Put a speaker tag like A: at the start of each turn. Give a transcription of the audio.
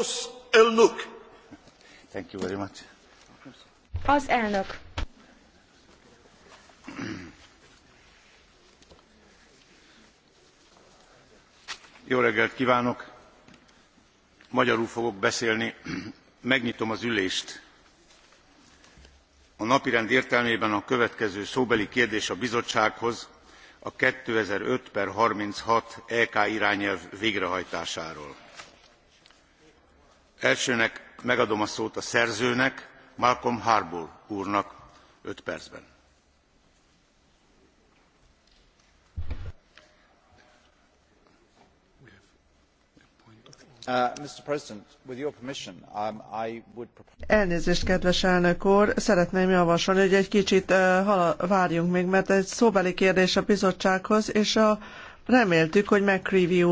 A: Az elnök.
B: Thank you very much. Az elnök.
A: Jó reggelt kívánok! Magyarul fogok beszélni. Megnyitom az ülést. A napirend értelmében a következő szóbeli kérdés a bizottsághoz a two thousand and five thirty six ek irányelv végrehajtásáról elsőnek megadom a szót a szerzőnek malcolm harbour úrnak öt percben.
C: Uh, um,
D: elnézést kedves elnök úr szeretném javasolni hogy egy kicsit uh, várjunk még mert egy szóbeli kérdés a bizottsághoz és a reméltük hogy mccreevy úr